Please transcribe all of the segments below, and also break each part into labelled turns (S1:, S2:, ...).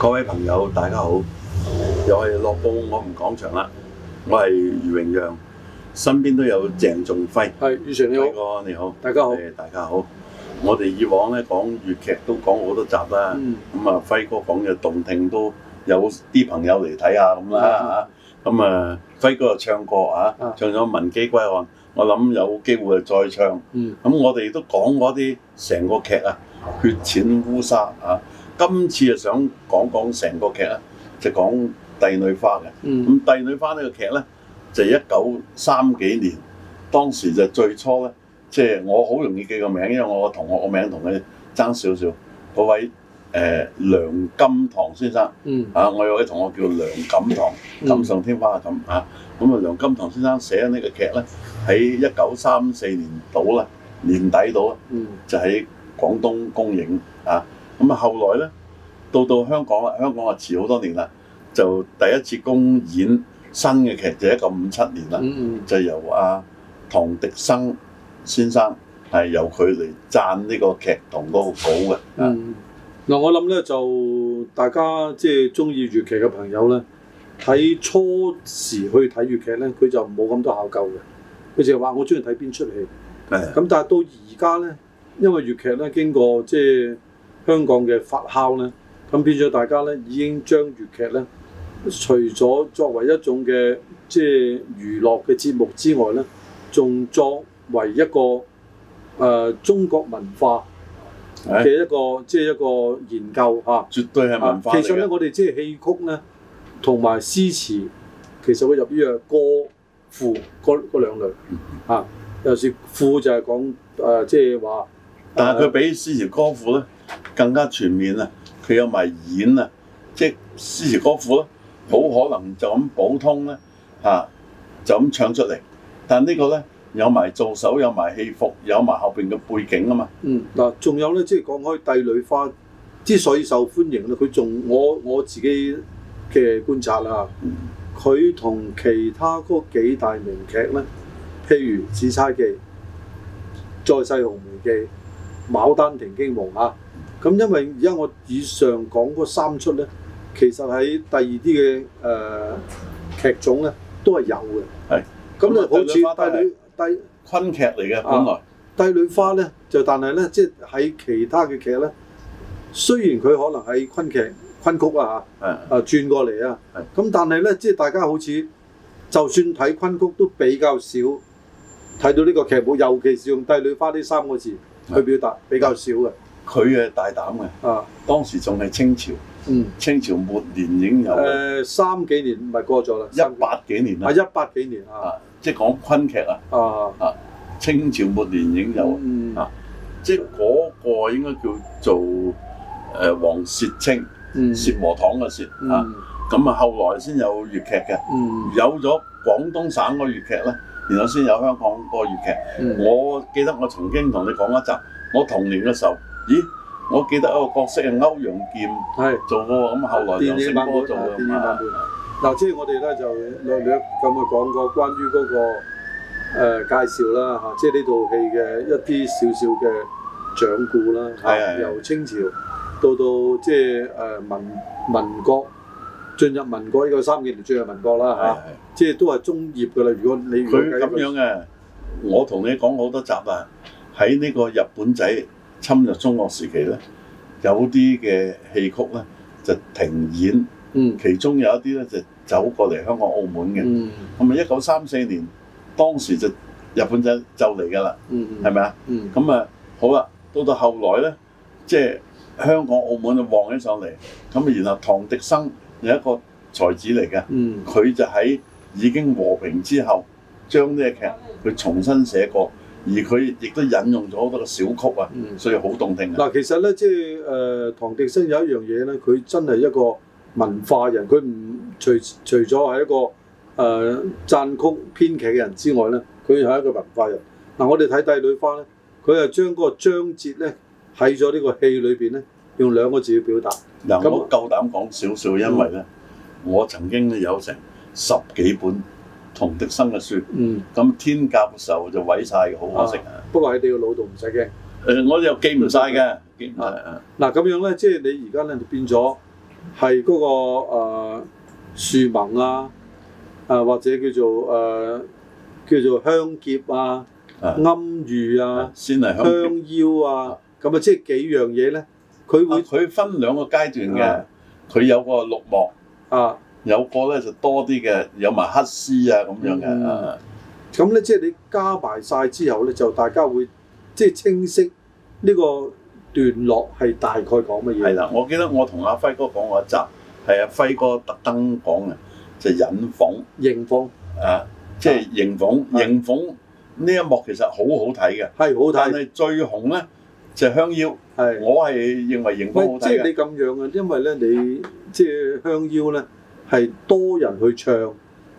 S1: 各位朋友，大家好！又係樂報我唔講場啦，我係余榮陽，身邊都有鄭仲輝，係余常輝哥，你好，大家好，呃，大家好。我哋以往咧講粵劇都講好多集啦，咁啊，嗯、輝哥講嘅動聽都有啲朋友嚟睇下咁啦嚇，咁啊、嗯、啊輝哥又唱歌啊，唱咗《文姬歸漢》，啊、我諗有機會再唱。咁、嗯、我哋都講嗰啲成個劇啊，《血濺烏紗》嚇、啊。今次就想講講成個劇啊，就講《帝女花》嘅、嗯。咁《帝女花》呢個劇咧，就一九三幾年，當時就最初咧，即、就、係、是、我好容易記個名，因為我個同學個名同佢爭少少。嗰位誒、呃、梁金堂先生，嗯，啊，我有位同學叫梁錦堂，錦上添花嘅錦、嗯、啊。咁啊，梁金堂先生寫呢個劇咧，喺一九三四年到啦，年底到啦，嗯，就喺廣東公映啊。咁啊，後來咧，到到香港啦，香港啊，遲好多年啦，就第一次公演新嘅劇就一九五七年啦，就，嗯嗯就由阿、啊、唐迪生先生係由佢嚟撰呢個劇同嗰個稿嘅。
S2: 嗱、嗯，我諗咧就大家即係中意粵劇嘅朋友咧，喺初時去睇粵劇咧，佢就冇咁多考究嘅，佢就係話我中意睇邊出戲。咁的但係到而家咧，因為粵劇咧經過即係。香港嘅發酵咧，咁變咗大家咧已經將粵劇咧，除咗作為一種嘅即係娛樂嘅節目之外咧，仲作為一個誒、呃、中國文化嘅一個、哎、即係一個研究嚇。絕對係文化、啊、其實咧，我哋即係戲曲咧，同埋詩詞，其實佢入邊誒歌賦嗰嗰兩類嚇、啊，
S1: 尤其是賦就係講誒、呃、即係話。但係佢比《詩詞歌賦》咧更加全面啊！佢有埋演啊，即係《詩詞歌賦》咯，好可能就咁補通咧嚇、啊，就咁唱出嚟。但係呢個咧有埋做手，有埋戲服，有埋後邊嘅背景啊嘛。嗯，嗱，仲有咧，即係講開《帝
S2: 女花》之所以受歡迎咧，佢仲我我自己嘅觀察啦，佢同、嗯、其他嗰幾大名劇咧，譬如《紫釵記》、《再世紅梅記》。《牡丹亭、驚夢啊！咁因為而家我以上講嗰三出咧，其實喺第二啲嘅、誒劇種咧都係有嘅。係咁咧，好似帝女帝昆劇嚟嘅本來。帝女花咧就，但係咧即係喺其他嘅劇咧，雖然佢可能喺昆劇、昆曲啊嚇，誒轉過嚟啊，咁但係咧即係大家好似就算睇昆曲都比較少睇到呢個劇目，尤其是用帝女花呢三個字。佢表達比較少嘅。
S1: 佢係大膽嘅。啊， 當時仲係清朝。嗯。清朝末年已經有。誒、呃，
S2: 三幾
S1: 年唔係過咗啦、啊。一八幾年啊。係一八幾年啊。即係講昆劇啊。啊。啊，清朝末年已經有、嗯、啊，即係嗰個應該叫做誒黃薛清，薛和堂嘅薛啊。咁啊、嗯嗯，後來先有粵劇嘅、啊，有咗廣東省嘅粵劇咧、啊。呢嗯嗯嗯然後先有香港個粵劇，我記得我曾經同你講一集，我童年嘅時候，咦，我記得一個角色係歐陽劍，係做過咁，後來又轉波做電影版本。
S2: 嗱，即係我哋咧就略略咁去講個關於嗰個誒介紹啦嚇，即係呢套戲嘅一啲少少嘅掌故啦嚇，由清朝到到即係誒民民國。進入民國呢、呢個三
S1: 幾年進入民國啦嚇，的的即係都係中葉嘅啦。如果你佢咁樣嘅，嗯、我同你講好多集啊。喺呢個日本仔侵入中國時期咧，有啲嘅戲曲咧就停演。嗯，其中有一啲咧就走過嚟香港澳門嘅。嗯，咁啊，一九三四年當時就日本仔就嚟㗎啦。嗯嗯，係咪啊？咁啊、嗯，好啦，到到後來咧，即係香港澳門就旺起上嚟。咁啊，然後唐滌生。有一個才子嚟嘅，佢、嗯、就喺已經和平之後，將呢個劇佢重新寫過，而佢亦都引用咗好多個小曲啊，嗯、所以好動聽嘅。嗱，其實咧，即
S2: 係誒唐滌生有一樣嘢咧，佢真係一個文化人，佢唔除除咗係一個誒、呃、撰曲編劇嘅人之外咧，佢係一個文化人。嗱、呃，我哋睇《帝女花》呢咧，佢係將嗰個章節咧喺咗呢個戲裏邊咧。用兩個字去表達。嗱，我夠膽
S1: 講少少，因為咧，我曾經有成十幾本唐滌生嘅書，咁天甲壽就毀曬，好可惜啊！不過喺你個腦度唔使驚。誒，我又記唔晒嘅。記唔曬？
S2: 嗱，咁樣咧，即係你而家咧就變咗係嗰個誒樹盟啊，誒或者叫做誒叫做香劫啊、庵遇啊、香夭啊，咁啊，即係幾樣嘢咧？
S1: 佢會佢分兩個階段嘅，佢有個六幕，啊，有個咧就多啲嘅，有埋黑絲啊咁樣嘅，咁咧、嗯啊嗯、即係你加埋
S2: 晒之後咧，就大家會即係清晰呢個段落係大
S1: 概講乜嘢。係啦，我記得我同阿輝哥講過一集，係阿輝哥特登講嘅，就係迎鳳。迎鳳。啊，即係迎鳳，迎鳳呢一幕其實好好睇嘅，係好睇，但係最紅咧。就香夭，是我係認為型風好睇嘅。
S2: 即係你咁樣啊，因為咧，你即係香夭咧，係多人去唱，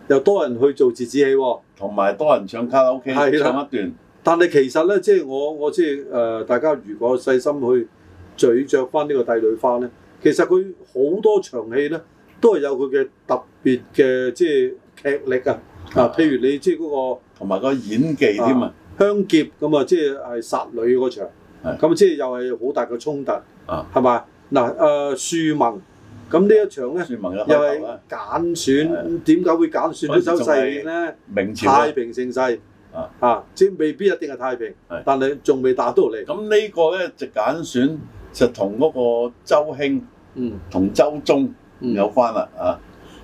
S2: 又多人去做折子戲、啊，同埋多人唱卡拉 OK，的唱一段。但係其實咧，即係我我即係誒、呃，大家如果細心去咀嚼翻呢個帝女花咧，其實佢好多場戲咧，都係有佢嘅特別嘅即係劇力啊！啊，譬如你即係、那、嗰個同埋個演技添啊，啊。香劫咁啊，即係殺女嗰場。咁即係又係好大嘅衝突，係嘛？嗱誒，樹盟咁呢一場咧，又係揀選，點解會揀選呢種勢面咧？太平盛世啊，即係
S1: 未必一定係太平，但係仲未達到嚟。咁呢個咧，就揀選就同嗰個周興、同周鍾有關啦啊。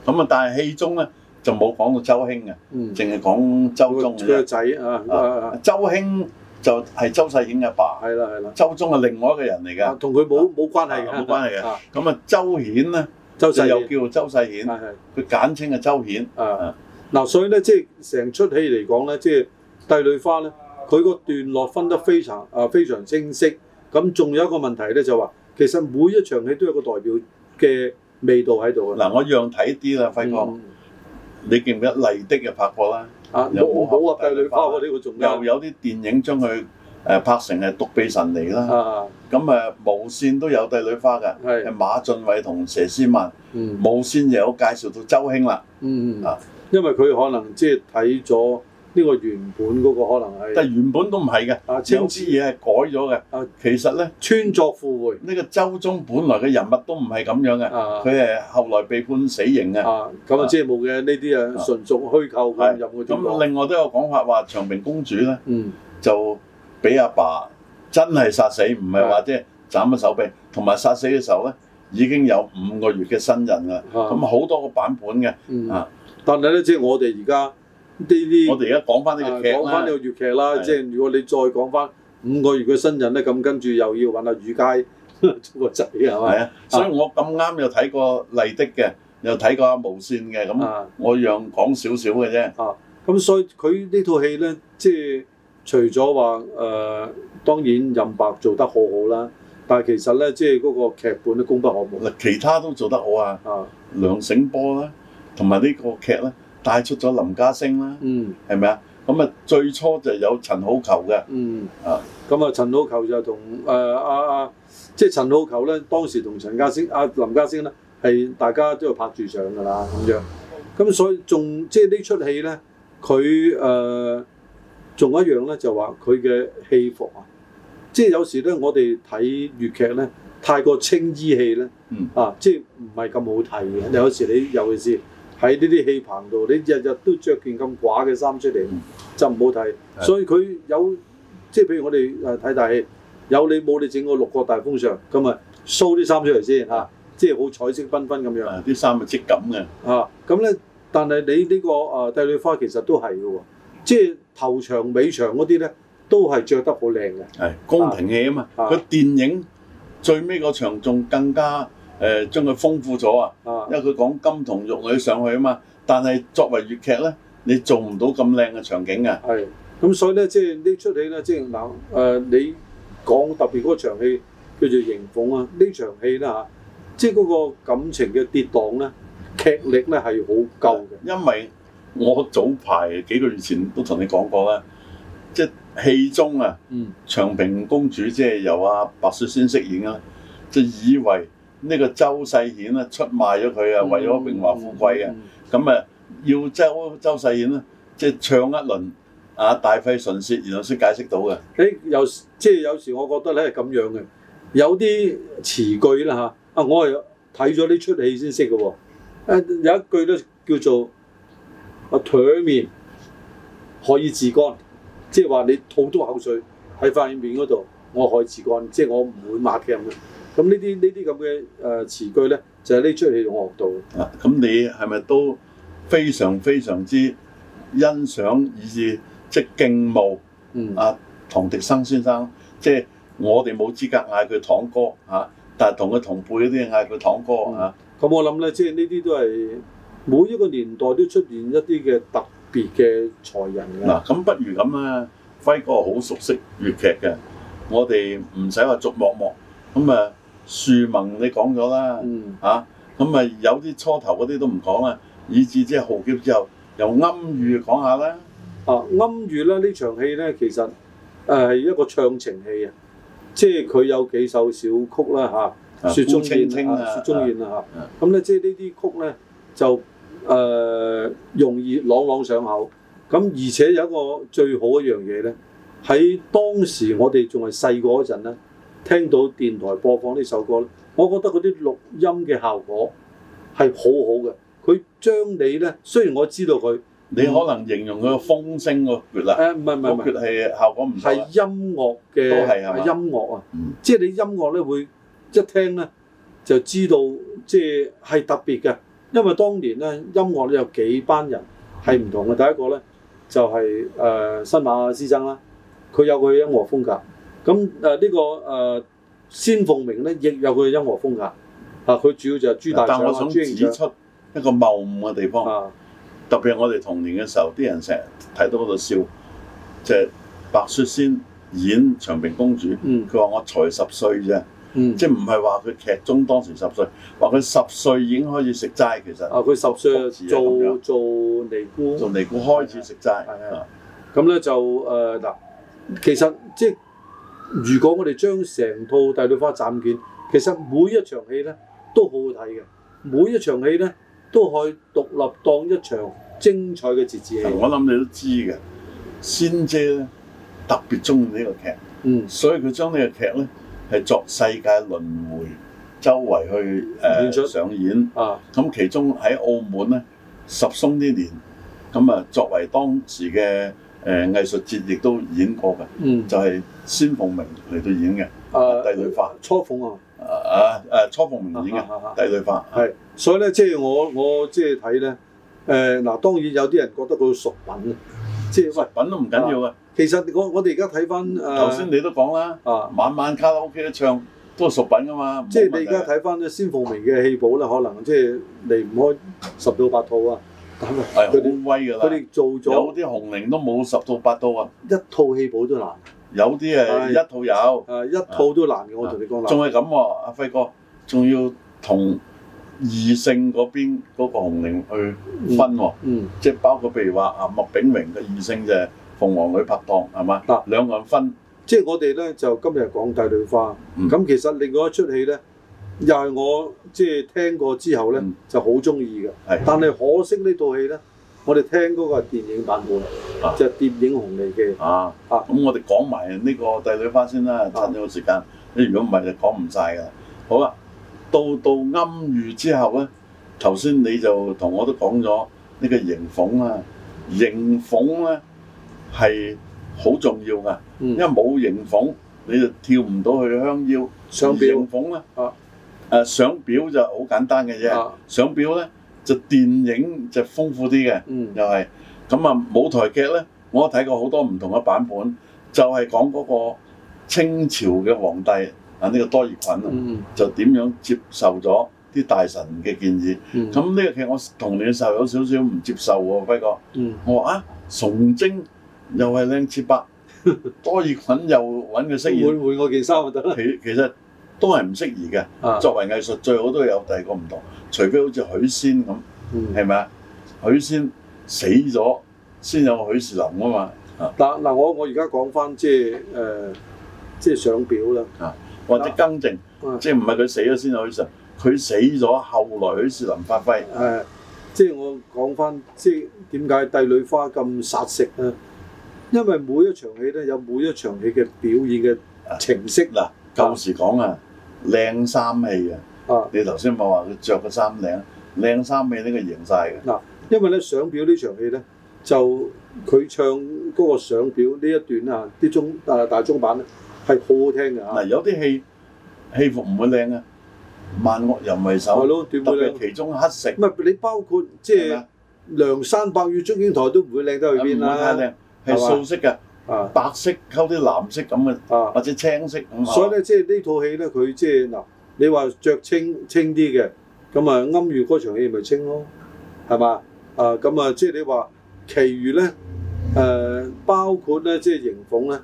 S1: 咁啊，但係戲中咧就冇講到周興嘅，淨係講周鍾嘅。佢個仔
S2: 啊，
S1: 周興。就係周世顯嘅爸，係啦係啦，周忠係另外一個人嚟㗎，同佢冇冇關係㗎，冇關係嘅。咁啊，周顯咧，周世又叫做周世顯，佢簡
S2: 稱係周顯。啊，嗱，所以咧，即係成出戲嚟講咧，即係《帝女花》咧，佢個段落分得非常啊非常清晰。咁仲有一個問題咧，就話其實每一場戲都有個代表嘅味道喺度啊。嗱，我樣睇啲啦，輝
S1: 哥，你記唔記得麗的又拍過啦？啊！冇好話帝女花嗰、啊、啲，我仲、啊、又有啲電影將佢誒拍成係、啊《獨臂神尼》啦。咁誒、呃，無線都有帝女花㗎，係、啊、是馬浚偉同佘詩曼。嗯、無線亦有介紹到周興啦。嗯嗯。啊，因為佢可能即係睇咗。呢個原本嗰個可能係，但係原本都唔係嘅，青枝嘢係改咗嘅。其實咧，穿鑿附會呢個周鍾本來嘅人物都唔係咁樣嘅，佢係後來被判死刑嘅。咁啊，即係冇嘅呢啲啊，純屬虛構咁入去。咁另外都有講法話，長平公主咧就俾阿爸真係殺死，唔係話即係斬咗手臂。同埋殺死嘅時候咧，已經有五個月嘅身孕啦。咁好多個版本嘅，但係咧，即係我哋而家。呢啲我哋而家講翻呢個劇啦，講翻呢個粵劇啦。啊、即係
S2: 如果你再講翻五個月嘅新人咧，咁跟住又要揾阿、啊、雨佳
S1: 做個仔，係咪？啊，啊啊所以我咁啱又睇過麗的嘅，又睇過阿無線嘅，咁我讓講少少嘅啫。啊，咁、嗯啊、所以佢呢套戲咧，即係
S2: 除咗話誒，當然任白做得好好啦，但係其實咧，即係
S1: 嗰個劇本都功不可沒。嗱，其他都做得好啊。啊，梁醒波啦，同埋呢個劇咧。帶出咗林家聲啦，嗯，係咪啊？咁啊，最初就有陳好球嘅，嗯，
S2: 啊，咁啊，陳好球就
S1: 同誒阿阿，即、呃、係、啊啊就是、陳好
S2: 球咧，當時同陳家聲、阿、啊、林家聲啦，係大家都有拍住上噶啦咁樣。咁、嗯嗯、所以仲即係呢出戲咧，佢誒仲一樣咧，就話佢嘅戲服啊，即、就、係、是、有時咧，我哋睇粵劇咧，太過青衣戲咧，嗯，啊，即係唔係咁好睇嘅。有時你尤其係喺呢啲戲棚度，你日日都着件咁寡嘅衫出嚟，嗯、就唔好睇。是的 所以佢有即係譬如我哋誒睇大戲，有你冇你整個六國大封相咁啊，show 啲衫出嚟先嚇，即係好彩色繽紛咁樣。
S1: 啲衫嘅質感嘅。
S2: 啊，咁咧、啊，但係你呢、呢個誒、呃、帝女花其實都係嘅喎，即係頭場尾場嗰
S1: 啲咧，都係着得好靚嘅。係宮廷戲啊嘛，個電影最尾個場仲更加。誒、呃、將佢豐富咗啊，因為佢講金童玉女上去啊嘛，但係作為粵劇咧，你做唔到咁靚嘅場景嘅、啊。係，咁、嗯、所以咧，即、就、
S2: 係、是、呢出戲咧，即係嗱誒，你講特別嗰場戲叫做迎鳳啊，呢場戲咧嚇，即係嗰個感情嘅跌宕咧，劇力咧係好
S1: 夠嘅。因為我早排幾個月前都同你講過啦，即、就、係、是、戲中啊，嗯、長平公主即係由阿、啊、白雪先飾演啊，即係以為。呢個周世顯啊出賣咗佢、嗯，就是、啊，為咗榮華富貴啊，咁啊要周周世顯啊即係唱一輪啊大費唇舌，然後先解釋到嘅。誒、欸、有即係有時我覺得咧係咁樣嘅，有啲
S2: 詞句啦嚇啊，我係睇咗呢出戲先識嘅喎。有一句咧叫做我唾、啊、面可以自乾，即係話你吐多口水喺塊面嗰度，我可以自乾，即係我唔會抹鏡嘅。咁
S1: 呢啲呢啲咁嘅誒詞句咧，就係、是、呢出戲我學到。啊，咁你係咪都非常非常之欣賞，以至即係敬慕、嗯、啊？唐滌生先生，即、就、係、是、我哋冇資格嗌佢唐哥嚇、啊，但係同佢同輩嗰啲嗌佢唐哥嚇。咁、啊嗯嗯、我諗咧，即係呢啲都係每一個年代都出現一啲嘅特別嘅才人㗎、啊。嗱、啊，咁不如咁啦、啊，輝哥好熟悉粵劇嘅，我哋唔使話逐幕幕咁啊。樹盟你講咗啦，嚇咁咪有啲初頭嗰啲都唔講啦，以至即係香劫之後，由庵遇講下啦，啊庵遇啦呢場戲咧，其
S2: 實誒係、呃、一個唱情戲啊，即係佢有幾首小曲啦吓，啊啊、雪中燕雪中燕啊嚇，咁咧、啊啊啊、即係呢啲曲咧就誒、呃、容易朗朗上口，咁、啊、而且有一個最好一樣嘢咧，喺當時我哋仲係細個嗰陣咧。聽到電台播放呢首歌咧，我覺得嗰啲錄音嘅效果係好好嘅。佢將你咧，雖然我知道佢，你可能形容佢風聲個缺啦，個缺係效果唔係音樂嘅，係音樂啊，嗯、即係你音樂咧會一聽咧就知道，即係係特別嘅。因為當年咧音樂咧有幾班人係唔同嘅。嗯、第一個咧就係、是、誒、呃、新馬師生啦，佢有佢音樂風格。咁誒呢個誒仙鳳鳴咧，亦有
S1: 佢嘅音樂風格。啊，佢主要就係朱大將。但我想指出一個謬誤嘅地方啊，特別係我哋童年嘅時候，啲人成日睇到嗰度笑，即係 sia 白雪仙演長平公主。嗯。佢話我才十歲啫。嗯。即係唔係話佢劇中當時十歲，話佢十歲已經開始食齋其實。啊！
S2: 佢十歲做做尼姑。Facility, 做尼姑開始食齋對 Russell.。係啊。咁咧就誒嗱，其實即係。如果我哋將成套《帝女花》斬件，其實每一場戲咧都好好睇嘅，每一場戲咧都可以獨立
S1: 當一場精彩嘅節節戲、嗯、我諗你都知嘅，仙姐咧特別鍾意呢個劇，嗯，所以佢將呢個劇咧係作世界輪迴周圍去誒、呃、出上演啊。咁其中喺澳門咧十松呢年，咁啊作為當時嘅。誒藝術節亦都演過嘅，就係孫鳳鳴嚟到演嘅《帝女花》，初鳳啊，
S2: 啊誒初鳳
S1: 鳴演嘅《帝女花》。係，
S2: 所以咧即係我我即係睇咧，誒嗱當然有啲人覺得佢熟品，即係物品都唔緊要啊。其實我我哋而家睇翻頭先你都講啦，晚晚卡拉 OK 都唱都係熟品㗎嘛。即係你而家睇翻咧，孫鳳鳴嘅戲寶咧，可能即係離唔開十到八套啊。係好威㗎啦！佢哋做咗有啲紅伶都冇十套八套啊！一套戲譜都難。有啲誒是一套有誒是一套都難嘅，是我同你講。仲係咁喎，
S1: 阿輝哥仲要同異性嗰邊嗰個紅伶去分喎，啊，即係、嗯嗯、包括譬如話阿麥炳榮嘅異性就鳳凰女拍檔係嘛？嗱、嗯、
S2: 兩個人分。即係我哋咧就今日講帝女花，咁、嗯、其實另外一齣戲咧。又係我即係聽過之後咧，嗯、就好中意嘅。的但係可惜呢
S1: 套戲咧，我哋聽嗰個係電影版本，即係、啊、電影《紅梨記》。啊啊！咁、啊、我哋講埋呢個《帝女花》先啦，趁呢個時間。你如果唔係就講唔曬㗎。好啦、啊，到到庵遇之後咧，頭先你就同我都講咗呢個迎鳳啦，迎鳳咧係好重要㗎。嗯、因為冇迎鳳你就跳唔到去香夭，上邊迎鳳啦。啊啊啊誒上、呃、表就好簡單嘅啫，相、啊、表咧就電影就豐富啲嘅，又係咁啊，舞台劇咧，我睇過好多唔同嘅版本，就係講嗰個清朝嘅皇帝啊呢、這個多爾衮啊，就點樣接受咗啲大臣嘅建議。咁呢、嗯、個劇我童年嘅時候有少少唔接受喎，輝哥，嗯、我話啊崇禎又係靚次伯，多爾衮又揾佢飾演，換換我件衫就得啦。其其實都係唔適宜嘅。作為藝術，最好都有第二個唔同，除非好似許仙咁，係咪啊？許仙死咗先有許士林啊嘛。嗱嗱，我我而家講翻即係誒，即係上表啦，或者更正，即係唔係佢死咗先有許士林？佢死咗，後來許士林發揮。誒，即係我
S2: 講翻，即係點解帝女花咁殺食啊？因為每一場戲都
S1: 有每一場戲嘅表演嘅程式啦，舊時講啊。靚衫戲啊！你頭先咪話佢著個衫領靚衫氣呢個贏曬嘅
S2: 嗱，因為咧上表呢場戲咧就佢唱嗰個上表呢一段啊啲中啊大中版咧係好好聽嘅嚇嗱，有啲戲戲服唔會靚啊，
S1: 萬惡人為首，特別其中
S2: 黑色唔係你包括即係梁山伯與祝英台都唔會靚得去邊啦，唔會太靚係素色嘅。啊，白色溝啲藍色咁嘅，啊 話 desserts 或者青色。所以咧，即係呢套戲咧，佢即係嗱，你話着青青啲嘅，咁啊，庵遇嗰場戲咪青咯，係嘛？啊，咁啊，即係你話，其餘咧，誒，包括咧，即係迎鳳咧，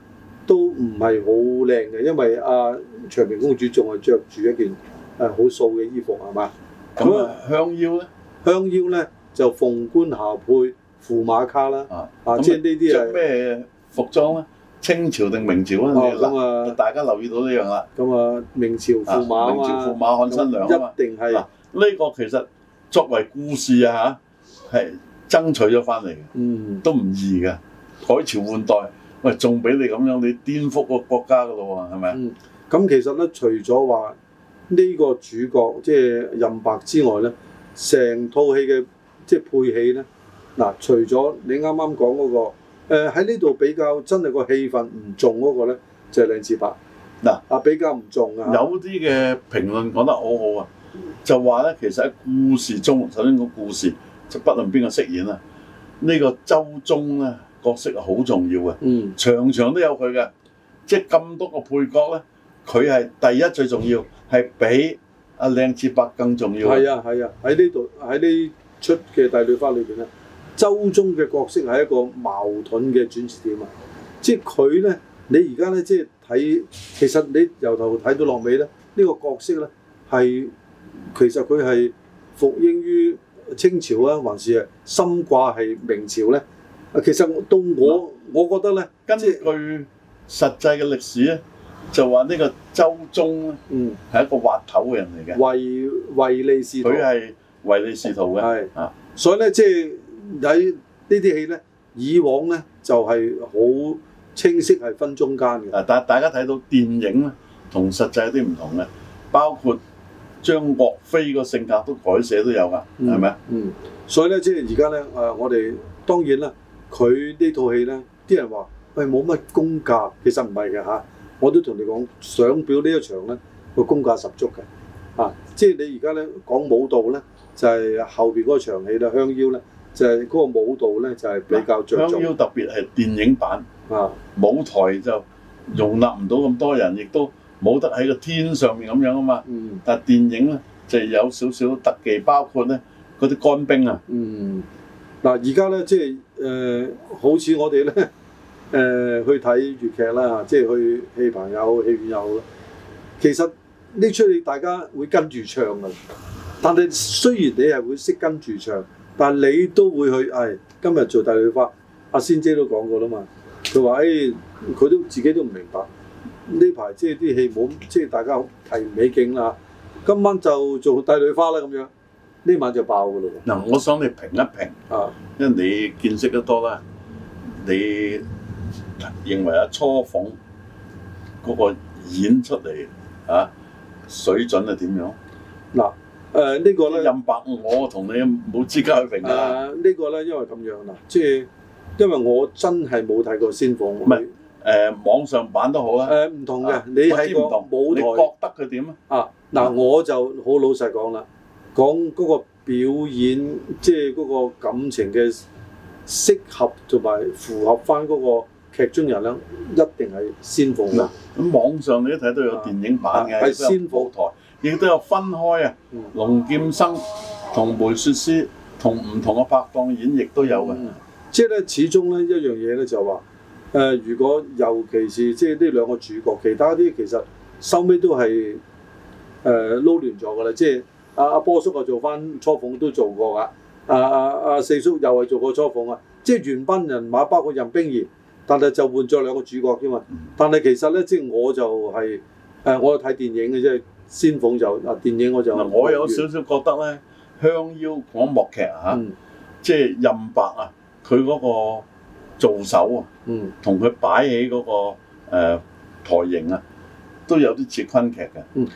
S2: 都唔係好靚嘅，因為啊，uh，長平公主仲係着住一件誒好素嘅衣服，係嘛？咁啊，香夭咧？香夭咧就鳳冠霞帔駙馬卡啦。啊，即係呢啲啊。係咩？服裝咧，
S1: 清朝定明朝啊？嗱，大家留意到呢樣啦。咁啊，明朝駙馬啊，明朝駙馬看新娘啊嘛。一定係呢個其實作為故事啊嚇，係爭取咗翻嚟嘅，都唔易嘅。改朝換代，喂，仲俾你咁樣你顛覆個國家嘅咯喎，係咪啊？咁其實咧，除咗話
S2: 呢個主角即係任白之外咧，成套戲嘅即係配戲咧，嗱，除咗你啱啱講嗰個。誒喺呢度比較真係個氣氛
S1: 唔重嗰個咧，就係靚子伯嗱啊比較唔重啊，有啲嘅評論講得好好啊，就話咧其實喺故事中，首先講故事，就不論邊個飾演啊，呢、這個周中咧角色係好重要嘅，嗯，場場都有佢嘅，即係咁多個配角咧，佢係第一最重要，係、嗯、比阿靚次伯更重要嘅，係啊係啊，
S2: 喺、啊嗯嗯啊嗯、呢度喺呢出嘅帝女花裏邊咧。周中嘅角色係一個矛盾嘅轉折點啊！即係佢咧，你而家咧，即係睇，其實你由頭睇到落尾咧，呢、這個角色咧，係其實佢係服膺於清朝啊，還是係心掛係明朝咧？啊，其實到我，那我覺得咧，跟住佢
S1: 實際嘅歷史咧，就話呢個周中咧，嗯，係一個滑頭嘅人嚟嘅，唯唯、嗯、利是。佢係唯利是圖嘅，係是啊，所以咧，即係。
S2: 喺呢啲戲咧，以往咧就係、是、好清晰
S1: 係分中間嘅。啊，但係大家睇到電影咧同實際有啲唔同嘅，包括張國輝個性格都改寫都有噶，係咪啊？嗎嗯，所以咧即係而
S2: 家咧，誒、啊、我哋當然啦，佢呢套戲咧，啲人話喂，冇乜功架，其實唔係嘅嚇。我都同你講，上表呢一場咧，個功架十足嘅，嚇，即係你而家咧講舞蹈咧，就係、是就是、後邊嗰場戲啦，香夭咧。
S1: 就係嗰個舞蹈咧，就係比較着重要。特別係電影版啊，舞台就容納唔到咁多人，亦都冇得喺個天上面咁樣啊嘛。嗯，嗱，電影咧就係有少少特技，包括咧嗰啲乾冰啊。嗯，嗱，而家咧即係誒，好似我哋咧誒去睇
S2: 粵劇啦，即係去戲棚又好，戲院又好啦。其實呢出戲大家會跟住唱嘅，但係雖然你係會識跟住唱。但係你都會去，係、哎、今日做帝女花，阿、啊、仙姐都講過啦嘛。佢話，誒、哎，佢都自己都唔明白，呢排即係啲戲冇，即係大家好提唔起勁啦。今晚就做帝女花啦咁樣，呢晚就爆㗎咯。嗱，我
S1: 想你評一評啊，因為你見識得多啦，你認為阿初鳳嗰個演出嚟嚇、啊，水準係點樣？嗱。誒、啊這個、呢個咧，任白我同你冇資格去評㗎。啊這
S2: 個、呢個咧，因為咁樣嗱，即係因為我真係冇睇過仙鳳，唔係誒，網上版都好啦。誒唔、啊、同嘅，啊、你喺個舞台你覺得佢點啊？嗱、啊，嗯、我就好老實講啦，講嗰個表演，即係嗰個感情嘅適合同埋符合翻嗰個劇中人咧，一
S1: 定係仙鳳，嗱，咁、啊、網上你一睇都有電影版嘅，係、啊、仙鳳台。啊亦都有分開啊，龍劍生同梅雪詩同唔同嘅拍
S2: 檔演繹都有嘅，嗯嗯、即係咧始終咧一樣嘢咧就係話，誒、呃、如果尤其是即係呢兩個主角，其他啲其實收尾都係誒、呃、撈亂咗㗎啦。即係阿阿波叔又做翻初鳳都做過㗎，阿阿阿四叔又係做過初鳳啊。即係原班人馬包括任冰兒，但係就換咗兩個主角啫嘛。但係其實咧，即係我就係、是、誒、呃、我睇電影嘅啫。先鳳就
S1: 啊，電影我就我有少少覺得咧，香夭嗰一幕劇嚇，即係任白啊，佢嗰個做手啊，同佢擺起嗰個誒台型啊，都有啲似昆劇嘅。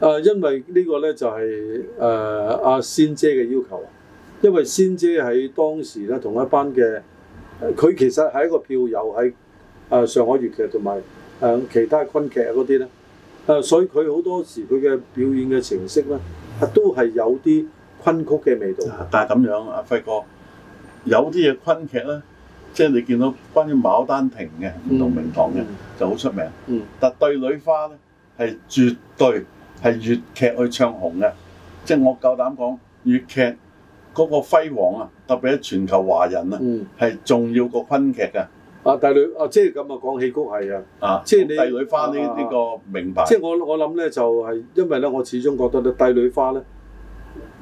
S1: 誒，因
S2: 為呢個咧就係誒阿仙姐嘅要求，因為仙姐喺當時咧同一班嘅，佢其實係一個票友喺誒上海粵劇同埋誒其他昆劇嗰啲咧。誒，所以佢好多時佢嘅表演
S1: 嘅程式咧，都係有啲昆曲嘅味道。但係咁樣，阿輝哥，有啲嘢昆劇咧，即係你見到關於《牡丹亭》嘅唔同名堂嘅就好出名。嗯。但《帝女花呢》咧係絕對係粵劇去唱紅嘅，即係我夠膽講粵劇嗰個輝煌啊，特別係全球華人啊，係，嗯，重要過昆劇㗎。啊！帝女啊，即係咁啊，講戲曲係啊，啊，即係你帝女花呢？呢個名牌。即係
S2: 我我諗咧，就係因為咧，我始終覺得咧，帝女花咧，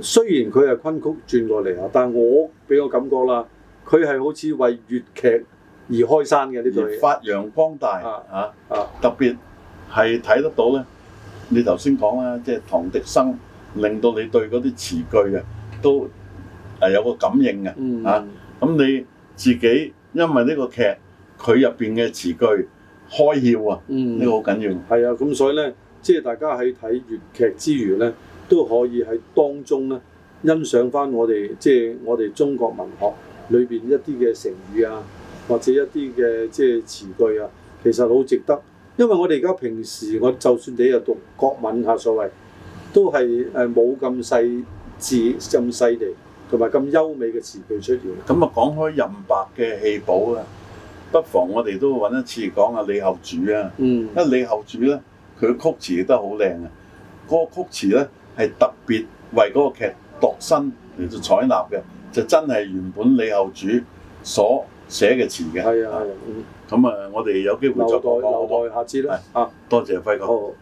S2: 雖然佢係昆曲轉過嚟啊，但係我俾我
S1: 感覺啦，佢係好似為粵劇而開山嘅呢對。啊、發揚光大啊！啊！啊特別係睇得到咧，你頭先講啦，即係唐滌生，令到你對嗰啲詞句啊，都係有個感應嘅啊！咁、嗯、你自己因為呢個劇，佢入邊嘅詞句開竅啊，呢個好緊要。係啊，咁所以呢，即係大家喺睇粵劇之餘
S2: 呢，都可以喺當中呢，欣賞翻我哋即係我哋中國文學裏邊一啲嘅成語啊，或者一啲嘅即係詞句啊，其實好值得。因為我哋而家平時我就算你又讀國文啊，所謂都係誒冇咁細緻、咁細膩同埋咁優美嘅詞句出
S1: 嚟。咁啊，講開任白嘅戲寶啊～不妨我哋都揾一次講下李後主啊，嗯、因為李後主咧，佢曲詞亦都好靚啊，嗰、嗰個曲詞咧係特別為嗰個劇度身嚟到採納嘅，就真係原本李後主所寫嘅詞嘅。係、嗯、啊，係。咁啊，我哋有機會再留待下次啦，啊，多謝輝哥。